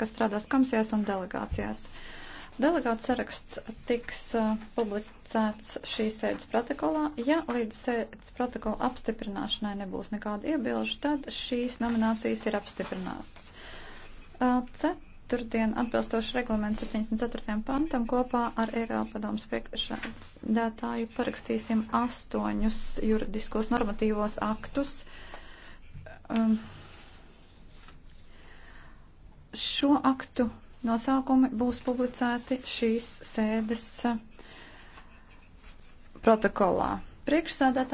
kas strādās komisijās un delegācijās. Delegāts saraksts tiks uh, publicēts šīs sēdes protokolā. Ja līdz sēdes protokola apstiprināšanai nebūs nekāda iebilžu, tad šīs nominācijas ir apstiprinātas. Uh, ceturtdien atbilstoši reglamentu 74. pantam kopā ar Eiropadomas priekšsēdētāju parakstīsim astoņus juridiskos normatīvos aktus. Um, Šo aktu nosaukumi būs publicēti šīs sēdes protokolā. Priekšsādātā